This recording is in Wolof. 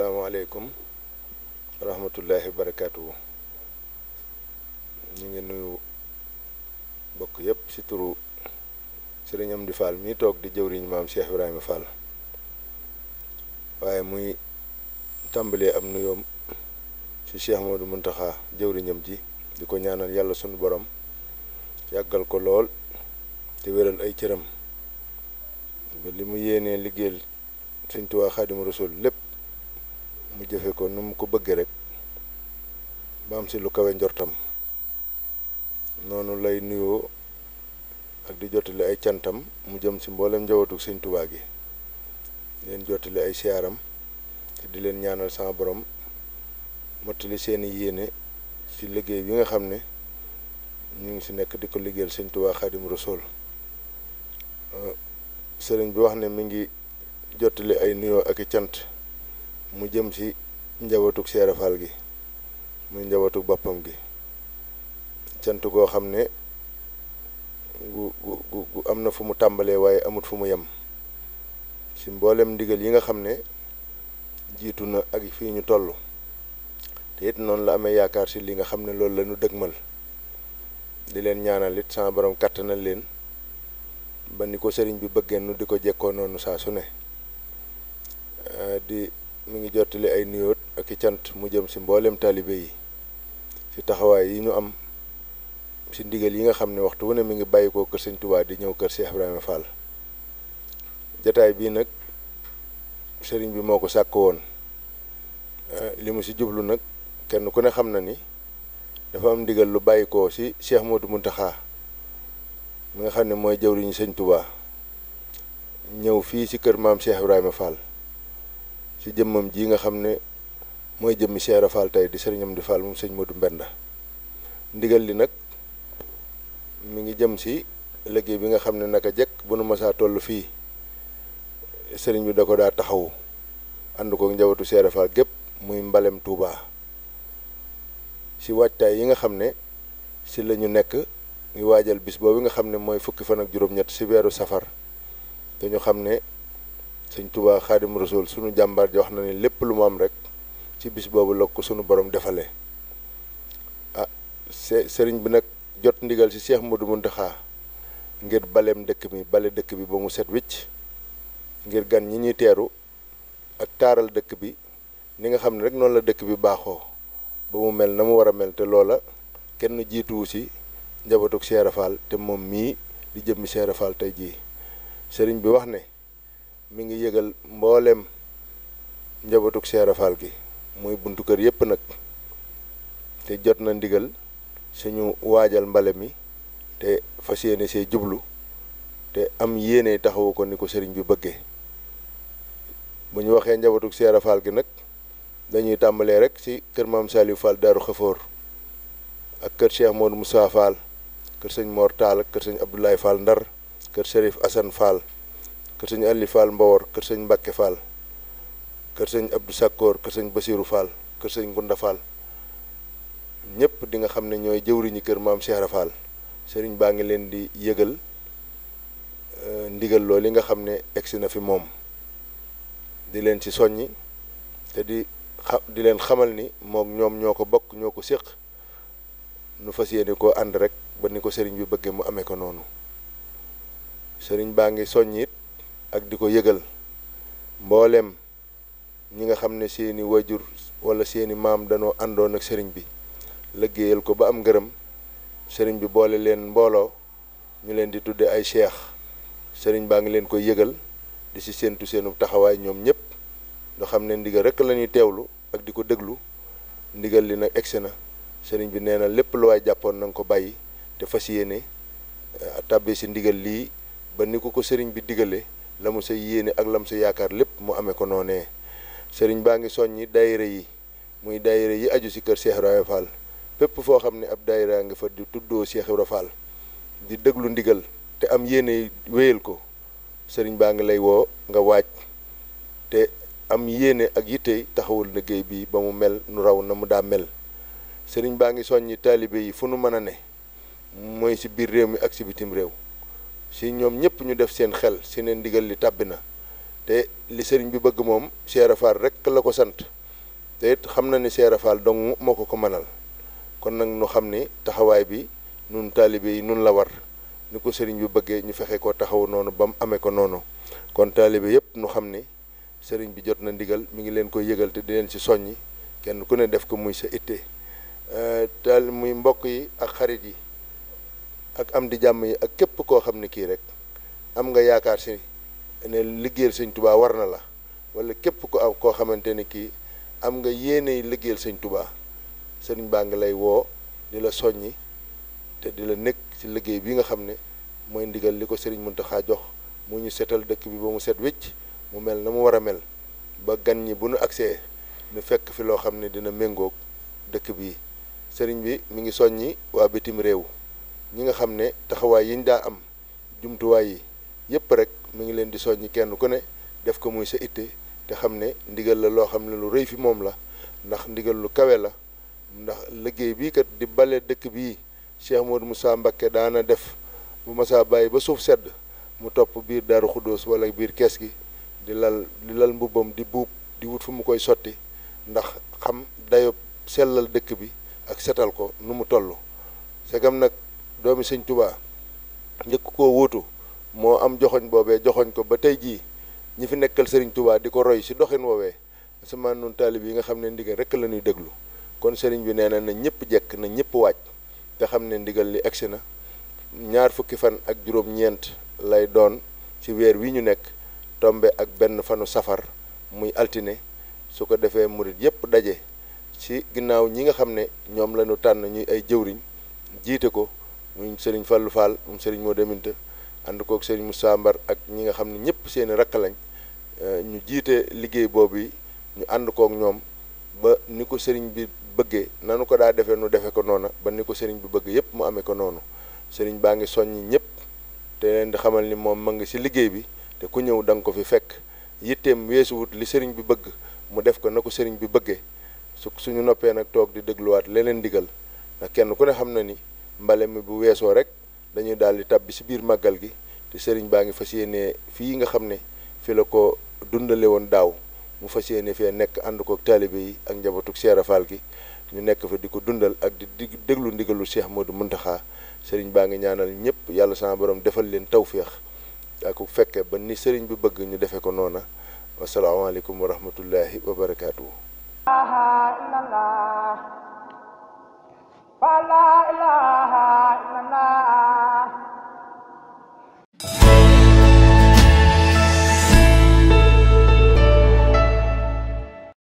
asalaamaaleykum wa rahmatullahi wa ñu ngi nuyu bokk yépp ci turu sëriñ Amdi Fall mii toog di jëwriñ maam Cheikh Ibrahima Fall waaye muy tàmbalee am nuyoom ci Cheikh du Muntaxa jëwriñam ji di ko ñaanal yàlla sunu borom yàggal ko lool te wéral ay cëram ba li mu yéenee liggéeyal Sëriñ Tuubaa Xaadimu Rasuul jëfe ko nu mu ko bëggee rek ba am si lu kawe njortam noonu lay nuyoo ak di jottali ay cantam mu jëm si mboolem njawatu sëñ Tuubaa gi di leen jottali ay siyaaram te di leen ñaanal sama borom mottali seeni yéene ci liggéey bi nga xam ne mu ngi si nekk di ko liggéeyal sëñ Tuubaa Xaadim Rasuul euh, sëriñ bi wax ne mi ngi jottali ay nuyoo ak i cant mu jëm si njabootug Cheikh Fall gi muy njabootug boppam gi cant goo xam ne gu gu gu am na fu mu tàmbalee waaye amut fu mu yem si mboolem ndigal yi nga xam ne jiitu na ak fii ñu toll te it noonu la amee yaakaar si li nga xam ne loolu la ñu dëgmal di leen ñaanal it sama borom kàttanal leen ba ni ko sëriñ bi bëggee nu di ko jekkoo noonu saa su ne di mu ngi jottali ay nuyoot ak cant mu jëm si mbooleem taalibe yi si taxawaay yi ñu am si ndigal yi nga xam ne waxtu wu ne mi ngi bàyyi ko kër sëñ Tuubaa di ñëw kër Cheikh Ibrahima Fall jataay bii nag sëriñ bi moo ko sàkk woon eh, li mu si jublu nag kenn ku ne xam na ni dafa am ndigal lu bàyyi ko si Cheikh Modou Mountakha mi nga xam ne mooy jëwriñu sëñ Tuubaa ñëw fii si kër maam Cheikh Ibrahima Fall si jëmmam ji nga xam ne mooy jëmmi Cheikh Fall tey di sëriñam di Fall moom sëñ Modou Mbenda ndigal li nag mi ngi jëm si liggéey bi nga xam ne naka jekk bu nu masaa toll fii sëriñ bi da ko daa taxawu ànd ko njabootu Cheikh Fall gépp muy mbalem Touba si waajtaay yi nga xam ne si la ñu nekk ñu waajal bis boobu nga xam ne mooy fukki fan ak juróom-ñett si weeru safar te xam ne sëñ Touba Xaadim Rasul sunu jàmbaar ji wax na ni lépp lu mu am rek. ci bis boobu la sunu borom defalee ah se sëriñ bi nag jot ndigal ci Cheikh Modou Mountakha ngir baleem dëkk bi bale dëkk bi ba mu set wicc ngir gan ñi ñuy teeru ak taaral dëkk bi ni nga xam ne rek noonu la dëkk bi baaxoo ba mu mel na mu war a mel te loola kenn jiituwu si njabootug Cheikh Fall te moom mii di jëmmi Cheikh Fall tey jii sëriñ bi wax ne mi ngi yëgal mbooleem njabootug Cheikh gi mooy buntu kër yépp nag te jot na ndigal suñu waajal mbale mi te fas yéene see jublu te am yéene taxawu ko ni ko sëriñ bi bëggee bu ñu waxee njabootu Seera Fall gi nag dañuy tàmbalee rek ci kër maam Saliou Fall Daaru Xafoor ak kër Cheikh Modou Moussa Fall kër sëñ Mor Tall kër sëñ Abdoulaye Fall Ndar kër Serif Assane Fall kër sëñ Ali Fall Mbawor kër sëñ Mbacke Fall kër sëñ Abdou Sakkoor kër sëñ Basirou Fall kër sëñ Gunda Fall ñëpp di xam ne ñooy jëwriñu kër maam Cheikh Fall sëriñ baa ngi leen di yëgal euh, ndigal loolu li nga xam ne egsi na fi moom di leen ci soññi te di xa di leen xamal ni moom ñoom ñoo ko bokk ñoo ko séq nu fas yéene koo ànd rek ba ni ko sëriñ bi bëggee mu amee ko noonu sëriñ baa ngi soññ ak di ko yëgal mboolem. ñi nga xam ne seeni wajur wala seeni maam danoo àndoon ak sëriñ bi liggéeyal ko ba am ngërëm sëriñ bi boole leen mbooloo ñu leen di tuddee ay cheikh sëriñ baa ngi leen ko yëgal di ci séentu seenu taxawaay ñoom ñëpp doo xam ne ndigal rek lañuy ñuy teewlu ak di ko déglu ndigal li nag egsi na sëriñ bi nee na lépp lu waay jàppoon na ko bàyyi te fas yéene eh, tàbbee si ndigal lii ba ni ko ko sëriñ bi digale la mu sa yéene ak la mu sa yaakaar lépp mu amee ko noonee sëriñ baa ngi soññi daayira yi muy daayira yi aju si kër Cheikh Ibrahima Fall foo xam ne ab a nga fa di tuddoo Cheikh Ibrahima Fall di déglu ndigal te am yéene wéyal ko sëriñ baa ngi lay woo nga waaj te am yéene ak yitte taxawul liggéey bi ba mu mel nu raw na mu daa mel sëriñ baa ngi soññi taalibe yi fu nu mën a ne mooy si biir réew mi ak si bitim réew si ñoom ñëpp ñu def seen xel si ndigal li tàbbi na te li sëriñ bi bëgg moom Cheikh Fall rek la ko sant te xam na ni Cheikh Fall dong moo ko ko mënal kon nag nu xam ni taxawaay bi nun taalibe yi nun la war ni ko sëriñ bi bëggee ñu fexe ko taxaw noonu ba mu amee ko noonu kon taalibe yëpp nu xam ni sëriñ bi jot na ndigal mu ngi leen koy yëgal te di leen ci soññi kenn ku ne def ko muy sa itte euh, taal muy mbokk yi ak xarit yi ak am di jàmm yi ak képp koo xam ne kii rek am nga yaakaar si ne liggéeyal sëñ tubaa war na la wala képp ku am koo xamante ni kii am nga yéene liggéeyal sëñ tubaa sëriñ baa ngi lay woo di la soññi te di la nekk ci liggéey bii nga xam ne mooy ndigal li ko sëriñ Muntaxa jox mu ñu setal dëkk bi ba mu set wécc mu mel na mu war a mel ba gan ñi bu agsee nu fekk fi loo xam ne dina méngoog dëkk bi sëriñ bi mi ngi soññi waa bitim réew ñi nga xam ne taxawaay yi ñu daa am jumtuwaay yi yépp rek mu ngi leen di soññi kenn ko ne def ko muy sa itte te xam ne ndigal la loo xam ne lu rëy fi moom la ndax ndigal lu kawe la ndax liggéey bii kat di bale dëkk bi bii moo Modou Moussa Mbacké daana def bu masaa bàyyi ba suuf sedd mu topp biir Daaru Xuddoos walla biir kees gi di lal di lal mbubbam di buub di wut fu mu koy sotti ndax xam dayo sellal dëkk bi ak setal ko nu mu tollu segam nag doomi Sëñ Tubaa njëkk koo wóotu moo am joxoñ boobee joxoñ ko ba tey jii ñi fi nekkal Serigne Touba di ko roy si doxin woowee asamaan nun taalib yi nga xam ne ndigal rek la ñuy déglu kon Serigne bi nee na na ñëpp jekk na ñëpp waaj te xam ne ndigal li egsi na ñaar fukki fan ak juróom lay doon ci weer wi ñu nekk tombe ak benn fanu safar muy altine su ko defee murit yëpp daje si ginnaaw ñi nga xam ne ñoom lanu tànn ñuy ay jëwriñ jiite ko mu Serigne Fallou Fall mu Serigne moo deminta ànd kook sëriñ mu Mbar ak ñi nga xam ne ñëpp seeni rakk lañ euh, ñu jiite liggéey boobu ñu ànd kook ñoom ba ni ko sëriñ bi bëggee nanu ko daa defee nu defee ko noona ba ni ko sëriñ bi bëgg yëpp mu amee ko noonu sëriñ baa ngi soññi ñëpp te di xamal ni moom ma ngi ci liggéey bi te ku ñëw da ko fi fekk yitteem weesuwut li sëriñ bi bëgg mu def ko na ko sëriñ bi bëggee su suñu noppee nag toog di dégluwaat leneen ndigal ndax kenn ku ne xam na ni mbale mi bu weesoo rek dañuy daal di tàbbi si biir màggal gi te sëriñ baa ngi fas yéene fii nga xam ne fi la ko dundale woon daaw mu fas yéene fee nekk ànd kook taalibe yi ak njabootu Cheikh gi ñu nekk fa di ko dundal ak di déglu ndigalu Cheikh Modou Mountakha sëriñ baa ngi ñaanal ñëpp yàlla sama boroom defal leen tawféex ak bu fekkee ba ni sëriñ bi bëgg ñu defee ko noona wasalaamaaleykum wa rahmatullahi wa